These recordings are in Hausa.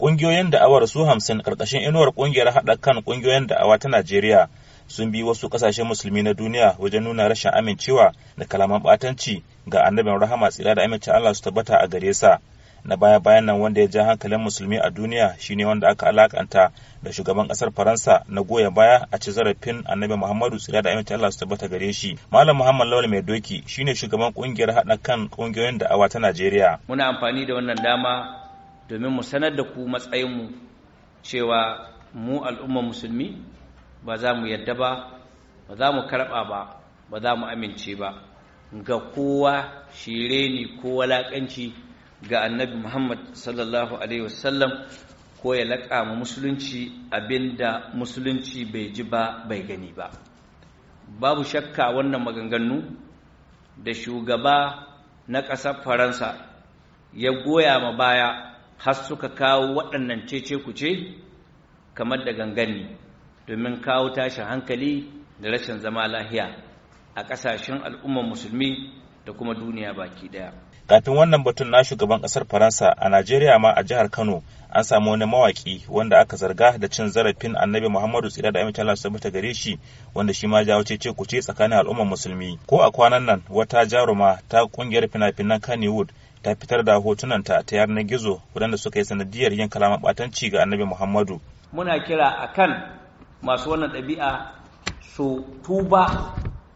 Ƙungiyoyin da'awar su hamsin karkashin inuwar kungiyar haɗa kan ƙungiyoyin da'awa ta Najeriya sun bi wasu ƙasashen musulmi na duniya wajen nuna rashin amincewa da kalaman ɓatanci ga annabin rahama tsira da amincin Allah su tabbata a gare sa. na baya-bayan nan wanda ya ja hankalin musulmi a duniya shine wanda aka alakanta da shugaban kasar faransa na goya baya a ci zarafin annabi muhammadu tsira da aminta allah su tabbata gare shi malam muhammad lawal mai doki shine shugaban kungiyar haɗa kan kungiyoyin da'awa ta najeriya muna amfani da wannan dama domin mu sanar da ku matsayinmu cewa mu al'ummar musulmi ba za mu yadda ba ba za mu karɓa ba ba za mu amince ba ga kowa shire ne ko walaƙanci ga annabi muhammad sallallahu alaihi wasallam ko ya laƙa ma musulunci abinda musulunci bai ji ba bai gani ba babu shakka wannan maganganu da shugaba na ƙasar faransa ya goya ma baya har suka kawo waɗannan cece kuce kamar da gangani domin kawo tashin hankali da rashin zama lahiya a ƙasashen al'ummar musulmi da kuma duniya baki daya. Kafin wannan batun na shugaban ƙasar Faransa a Najeriya ma a jihar Kano an samu wani mawaki wanda aka zarga da cin zarafin Annabi Muhammadu tsira da amincin Allah tabbata gare shi wanda shi ma jawo ce kuce tsakanin al'ummar musulmi. Ko a kwanan nan wata jaruma ta kungiyar fina-finan Kannywood ta fitar da hotunanta ta yarnar gizo waɗanda suka yi sanadiyar yin kalaman ɓatanci ga annabi muhammadu muna kira a kan masu wannan ɗabi'a su tuba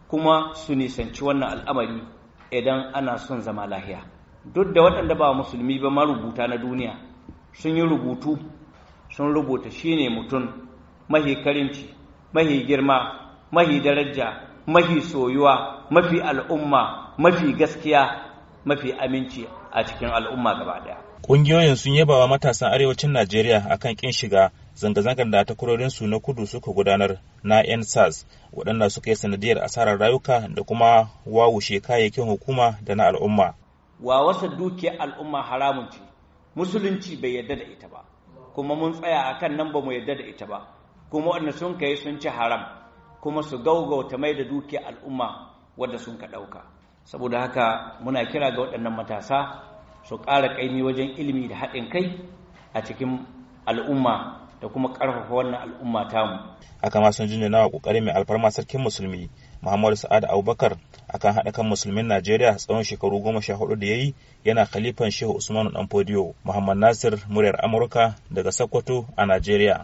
kuma su nisanci wannan al'amari idan ana son zama lahiya duk da waɗanda ba musulmi ba marubuta na duniya sun yi rubutu sun rubuta shi ne mutum mahi karimci mahi girma mahi daraja mahi soyuwa mafi al'umma mafi gaskiya mafi aminci a cikin al'umma gaba daya ƙungiyoyin sun yaba wa matasan arewacin najeriya akan kin shiga zanga-zangar da takwarorinsu na kudu suka gudanar na yan sars waɗanda suka yi sanadiyar asarar rayuka da kuma wawushe kayayyakin hukuma da na al'umma wa wasa dukiyar al'umma haramun ce musulunci bai yarda da ita ba kuma mun tsaya akan nan ba mu yarda da ita ba kuma wanda sun kai sun ci haram kuma su gaugauta mai da dukiyar al'umma wadda sun ɗauka saboda haka muna kira ga waɗannan matasa su ƙara ƙaimi wajen ilimi da haɗin kai a cikin al'umma da kuma ƙarfafa wannan al'umma tamu haka ma sun jinjina nawa ƙoƙari mai alfarma sarkin musulmi muhammadu sa'ad abubakar akan haɗa kan musulmin najeriya tsawon shekaru goma sha hudu da ya yi yana khalifan shehu usmanu dan fodiyo muhammad nasir muryar amurka daga sokoto a najeriya